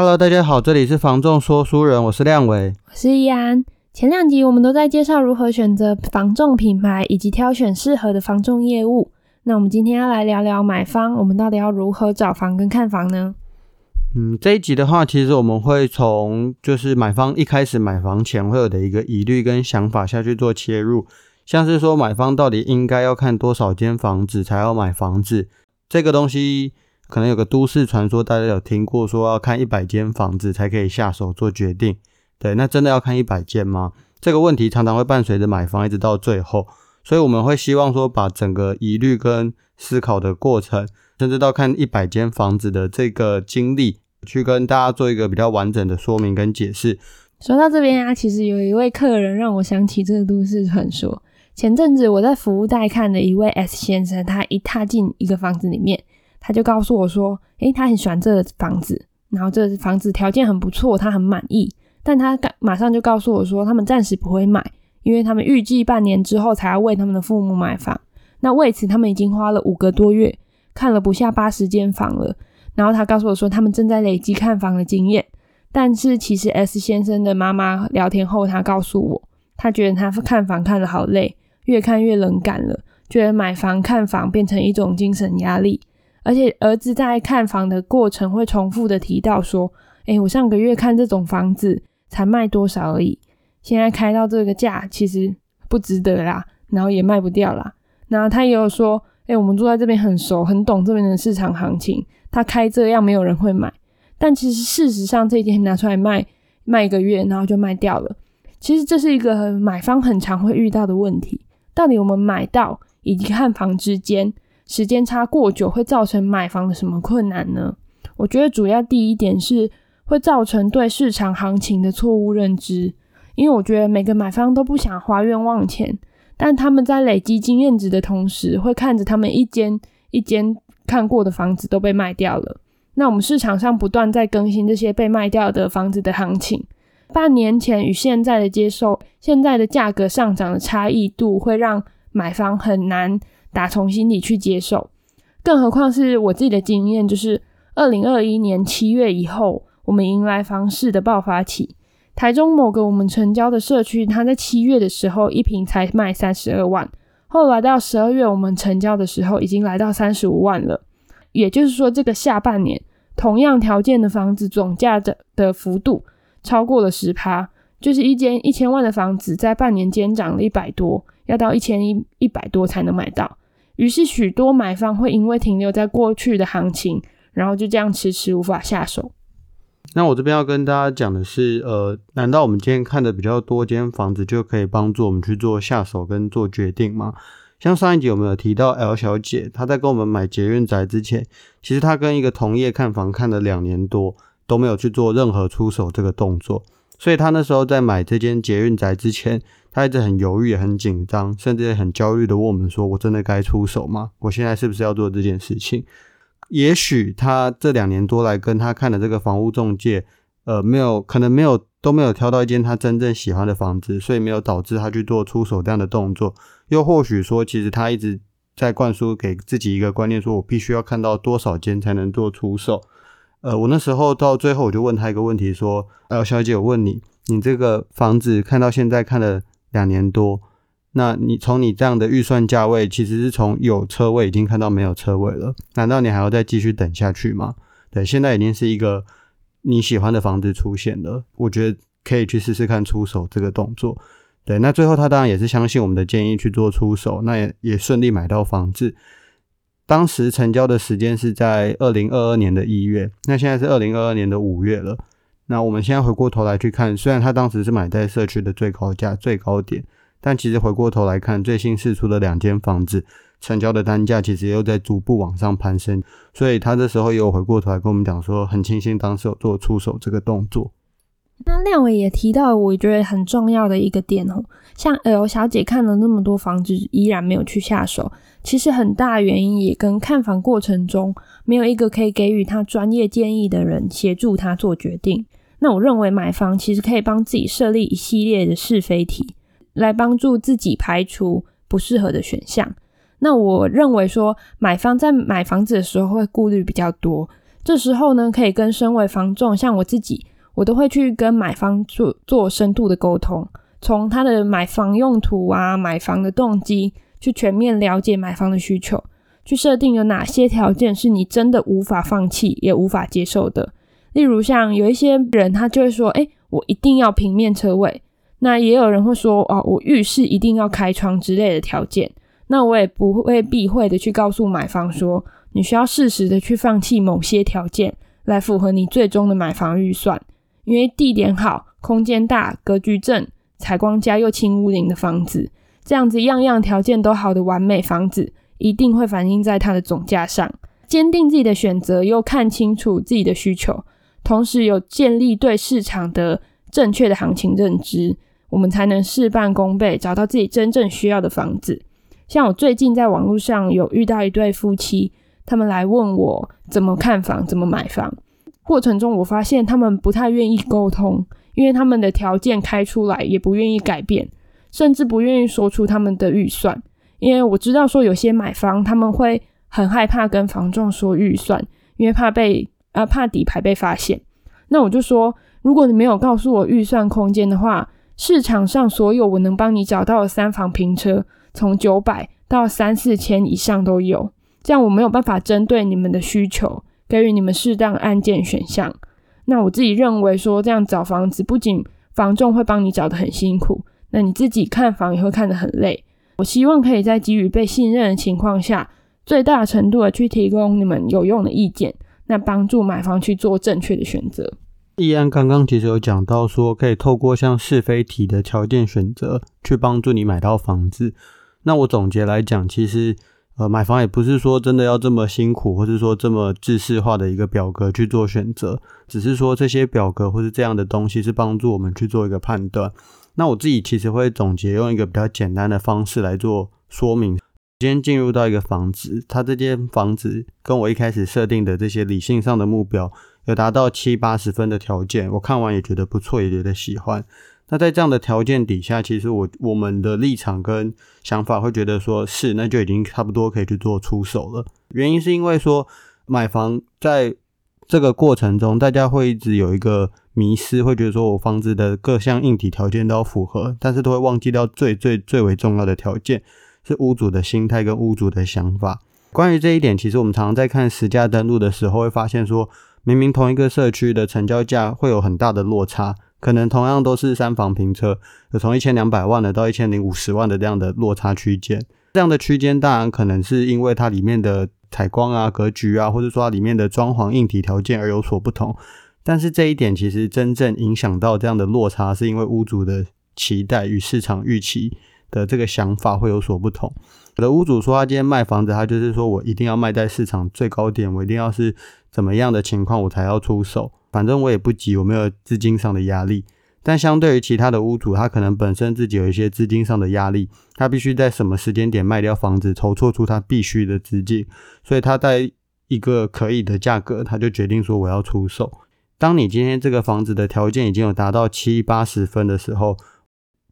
Hello，大家好，這裡是房仲說書人，我是亮偉，我是易安。前兩集我們都在介紹如何選擇房仲品牌以及挑選適合的房仲業務，那我們今天要來聊聊買方，我們到底要如何找房跟看房呢？嗯，這一集的話，其實我們會從就是買方一開始買房前會有的一個疑慮跟想法下去做切入，像是說買方到底應該要看多少間房子才要買房子，這個東西。可能有個都市傳說，大家有聽過說要看一百間房子才可以下手做決定，對，那真的要看一百間嗎？這個問題常常會伴隨着買房一直到最後，所以我們會希望說把整個疑慮跟思考的過程，甚至到看一百間房子的這個經歷，去跟大家做一個比較完整的說明跟解釋。說到這邊啊，其實有一位客人讓我想起這個都市傳說。前陣子我在服務帶看的一位 S 先生，他一踏進一個房子裡面。他就告訴我說：“誒，他很喜歡這個房子，然後這個房子條件很不錯，他很滿意。但他馬上就告訴我說，他們暫時不會買，因為他們預計半年之後才要為他們的父母買房。那為此，他們已經花了五個多月，看了不下八十間房了。然後他告訴我說，他們正在累積看房的經驗。但是，其實 S 先生的媽媽聊天後，他告訴我，他覺得他看房看得好累，越看越冷感了，覺得買房看房變成一種精神壓力。”而且兒子在看房的過程會重複的提到說：“欸，我上個月看這種房子才賣多少而已，現在開到這個價，其實不值得啦，然後也賣不掉啦。”然後他也有說：“欸，我們住在這邊很熟，很懂這邊的市場行情，他開這樣沒有人會買。”但其實事實上，這間拿出來賣，賣一個月然後就賣掉了。其實這是一個很買方很常會遇到的問題。到底我們買到以及看房之間？時間差過久會造成買房的什麼困難呢？我覺得主要第一點是會造成對市場行情的錯誤認知，因為我覺得每個買方都不想花冤枉錢，但他們在累積經驗值的同時，會看着他們一間一間看過的房子都被賣掉了。那我們市場上不斷在更新這些被賣掉的房子的行情，半年前與現在的接受現在的價格上漲的差異度，會讓買方很難。打從心底去接受，更何況是我自己的經驗，就是二零二一年七月以後，我們迎來房市的爆發期。台中某個我們成交的社區，它在七月的時候，一坪才賣三十二萬，後來到十二月我們成交的時候，已經來到三十五萬了。也就是說，這個下半年同樣條件的房子總價的的幅度超過了十趴，就是一間一千萬的房子，在半年間漲了一百多，要到一千一一百多才能買到。於是許多買方會因為停留在過去的行情，然後就這樣遲遲無法下手。那我這邊要跟大家講的是，呃，難道我們今天看的比較多間房子就可以幫助我們去做下手跟做決定嗎？像上一集我們有提到 L 小姐，她在跟我們買捷運宅之前，其實她跟一個同業看房看了兩年多，都沒有去做任何出手這個動作，所以她那時候在買這間捷運宅之前。他一直很猶豫，也很緊張，甚至也很焦慮的問我們說：“我真的該出手嗎？我現在是不是要做這件事情？”也許他這兩年多來跟他看的這個房屋仲介，呃，沒有，可能沒有，都沒有挑到一間他真正喜歡的房子，所以沒有導致他去做出手這樣的動作。又或許說，其實他一直在灌輸給自己一個觀念，說我必須要看到多少間才能做出手。呃，我那時候到最後，我就問他一個問題說：“哎，小姐姐，我問你，你這個房子看到現在看的？”兩年多，那你從你這樣的預算價位，其實是從有車位已經看到沒有車位了，難道你還要再繼續等下去嗎？對，現在已經是一個你喜歡的房子出現了，我覺得可以去試試看出手這個動作。對，那最後他當然也是相信我們的建議去做出手，那也也順利買到房子。當時成交的時間是在二零二二年的一月，那現在是二零二二年的五月了。那我們現在回過頭來去看，雖然他當時是買在社區的最高價、最高點，但其實回過頭來看，最新釋出的兩間房子成交的單價其實又在逐步往上攀升，所以他這時候也有回過頭來跟我們講說，很慶幸當時有做出手這個動作。那亮偉也提到，我覺得很重要的一個點哦，像 L 小姐看了那麼多房子，依然沒有去下手，其實很大原因也跟看房過程中沒有一個可以給予他專業建議的人協助他做決定。那我認為買方其實可以幫自己設立一系列的是非題，來幫助自己排除不適合的選項。那我認為說，買方在買房子的時候會顧慮比較多，這時候呢，可以跟身為房仲，像我自己，我都會去跟買方做做深度的溝通，從他的買房用途啊、買房的動機，去全面了解買方的需求，去設定有哪些條件是你真的無法放棄也無法接受的。例如，像有一些人，他就會說：“哎、欸，我一定要平面車位。”那也有人會說：“哦，我浴室一定要開窗之類的條件。”那我也不會避諱的去告訴買方說：“你需要適時的去放棄某些條件，來符合你最終的買房預算。”因為地點好、空間大、格局正、採光佳又輕屋齡的房子，這樣子樣樣條件都好的完美房子，一定會反映在它的總價上。堅定自己的選擇，又看清楚自己的需求。同時有建立對市場的正確的行情認知，我們才能事半功倍，找到自己真正需要的房子。像我最近在網絡上有遇到一對夫妻，他們來問我怎麼看房、怎麼買房。過程中我發現他們不太願意溝通，因為他們的條件開出來也不願意改變，甚至不願意說出他們的預算。因為我知道說有些買方他們會很害怕跟房仲說預算，因為怕被。啊！怕底牌被發現，那我就說，如果你沒有告訴我預算空間的話，市場上所有我能幫你找到的三房平車，從九百到三四千以上都有。這樣我沒有辦法針對你們的需求給予你們適當案件選項。那我自己認為說，這樣找房子不僅房仲會幫你找得很辛苦，那你自己看房也會看得很累。我希望可以在給予被信任的情況下，最大程度的去提供你們有用的意見。那幫助買方去做正確的選擇。易安剛剛其實有講到說，可以透過像是非題的條件選擇，去幫助你買到房子。那我總結來講，其實呃買房也不是說真的要這麼辛苦，或是說這麼制式化的一個表格去做選擇，只是說這些表格或是這樣的東西是幫助我們去做一個判斷。那我自己其實會總結，用一個比較簡單的方式來做說明。今天進入到一個房子，他這間房子跟我一開始設定的這些理性上的目標有達到七八十分的條件，我看完也覺得不錯，也覺得喜歡。那在這樣的條件底下，其實我我們的立場跟想法會覺得說是，那就已經差不多可以去做出手了。原因是因為說買房在這個過程中，大家會一直有一個迷思，會覺得說我房子的各項硬體條件都要符合，但是都會忘記掉最，最最最為重要的條件。是屋主的心態跟屋主的想法。關於這一點，其實我們常常在看實價登錄的時候，會發現說，明明同一個社區的成交價會有很大的落差，可能同樣都是三房平車，有從一千兩百萬的到一千零五十萬的這樣的落差區間。這樣的區間當然可能是因為它裡面的採光啊、格局啊，或者說它裡面的裝潢硬體條件而有所不同。但是這一點其實真正影響到這樣的落差，是因為屋主的期待與市場預期的這個想法會有所不同。有的屋主說他今天賣房子，他就是說，我一定要賣在市場最高點，我一定要是怎麼樣的情況我才要出手，反正我也不急，我沒有資金上的壓力。但相對於其他的屋主，他可能本身自己有一些資金上的壓力，他必須在什麼時間點賣掉房子，籌措出他必須的資金，所以他在一個可以的價格，他就決定說，我要出手。當你今天這個房子的條件已經有達到七八十分的時候，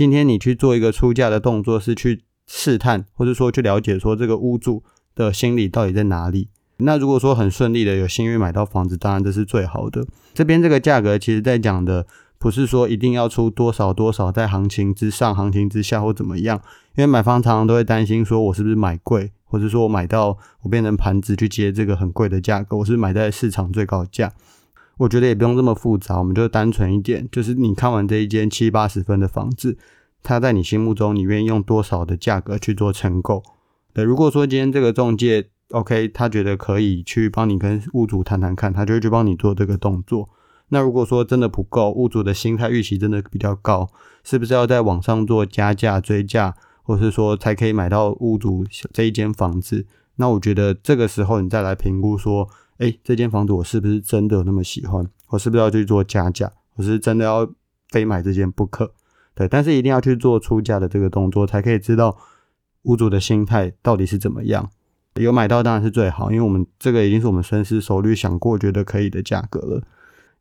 今天你去做一個出價的動作，是去試探，或者說去了解，說這個屋主的心理到底在哪裡。那如果說很順利的有幸運買到房子，當然這是最好的。這邊這個價格，其實在講的不是說一定要出多少多少，在行情之上、行情之下或怎麼樣，因為買方常常都會擔心，說我是不是買貴，或者說我買到我變成盤子去接這個很貴的價格，我是買在市場最高價。我覺得也不用這麼複雜，我們就單純一點，就是你看完這一間七八十分的房子，它在你心目中，你願意用多少的價格去做承購？對，如果說今天這個仲介 OK，他覺得可以去幫你跟屋主談談看，他就會去幫你做這個動作。那如果說真的不夠，屋主的心態預期真的比較高，是不是要再往上做加價追價，或是說才可以買到屋主這一間房子？那我覺得這個時候你再來評估說。誒，這間房子我是不是真的那麼喜歡？我是不是要去做加價？我是真的要非買這間不可？對，但是一定要去做出價的這個動作，才可以知道屋主的心態到底是怎麼樣。有買到當然是最好，因為我們這個已經是我們深思熟慮、想過覺得可以的價格了。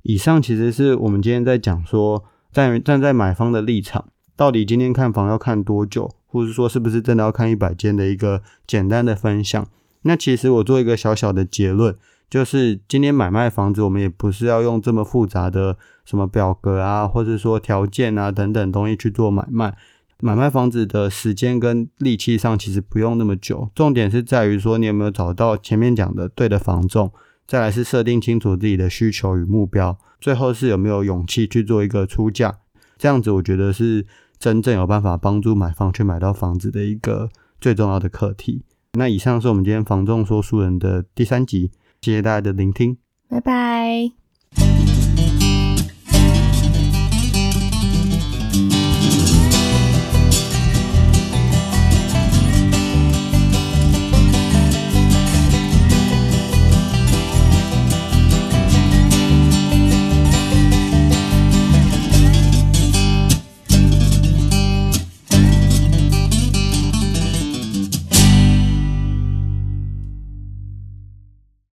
以上其實是我們今天在講說，站站在買方的立場，到底今天看房要看多久，或者說是不是真的要看一百間的一個簡單的分享。那其實我做一個小小的結論。就是今天買賣房子，我們也不是要用這麼複雜的什麼表格啊，或者說條件啊等等東西去做買賣。買賣房子的時間跟力氣上其實不用那麼久，重點是在於說你有沒有找到前面講的對的房仲，再來是設定清楚自己的需求與目標，最後是有沒有勇氣去做一個出價。這樣子，我覺得是真正有辦法幫助買方去買到房子的一個最重要的課題。那以上是我們今天房仲說書人的第三集。謝謝大家的聆聽，拜拜。